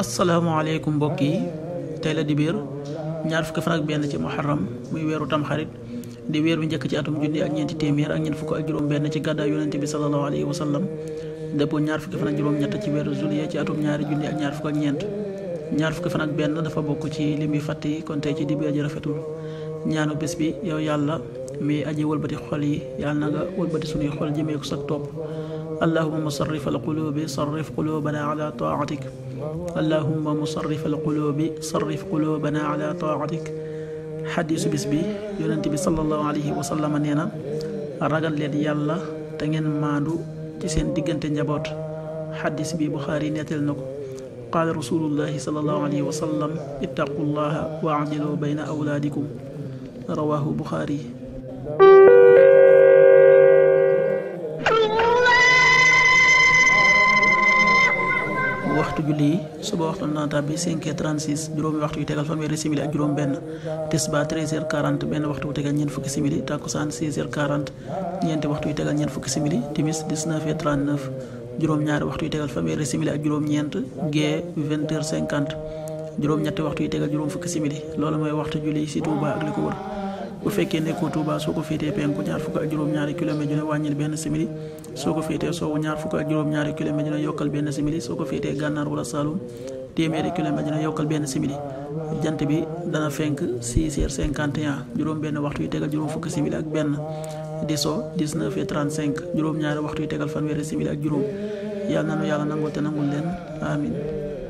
asalaamaaleykum mbokk yi tey la di biir ñaar fukki fan ak benn ci muharram muy weeru tamxarit di weer bi njëkk ci atum junni ak ñeenti téeméer ak ñeent fukk ak juróom-benn ci gàddaay yonent bi sallallahu alayhi wa sallam dëppoo ñaar fukki fan ak ñaar fukk ak ñeent ñaar fukki fan benn dafa bokk ci lim yu fàtt yi kon tey ci di biir ji rafetul ñaanu bés bi yow yàlla mi aji wëlbati xol yi yàlla na nga wëlbati suñuy xol jëmee ko sag topp allahuma musarrif al qulubi sarrif qulubana ala taatik allahuma musarrif al qulubi sarrif qulubana ala taatik xadiisu bis bi yonent bi sallallahu alayhi wa sallam nee na ragal leen yàlla te ngeen maandu ci seen diggante njaboot xadiis bi buxaari netteel na ko qaala rasulullahi sallallahu alayhi wa sallam ittaqullaha wa adilu bayna awlaadikum rawahu buxaari waxtu julli yi suba waxtu na tàbbi 5h36 juróomi waxtu yu tegal fanweeri simili ak juróom benn tisba 13h40 benn waxtu wu tegal ñeent fukki simili takkusaan 16h40 ñeenti waxtu yu tegal ñeent fukki timis 19 h juróom-ñaari waxtu yu tegal fanweeri simili ak juróom-ñeent gee 20 h juróom-ñetti waxtu yu tegal juróom fukki simili loolu mooy waxtu julli si Touba ak li ko wër bu fekkee nekkoo Touba soo ko féetee penku ñaar fukk ak juróom-ñaari kilomètre dina wàññil benn simili soo ko féetee soowu ñaar fukk ak juróom-ñaari kilomètre dina yokkal benn simili soo ko féetee gànnaar wala Saloum téeméeri kilomètre dina yokkal benn simili jant bi dana fenk 6 cinquante 51 juróom benn waxtu yu tegal juróom fukki simili ak benn di so 19 heures 35 juróom-ñaari waxtu yu tegal fanweeri simili ak juróom yàlla na nu yàlla nangul te nangul leen amin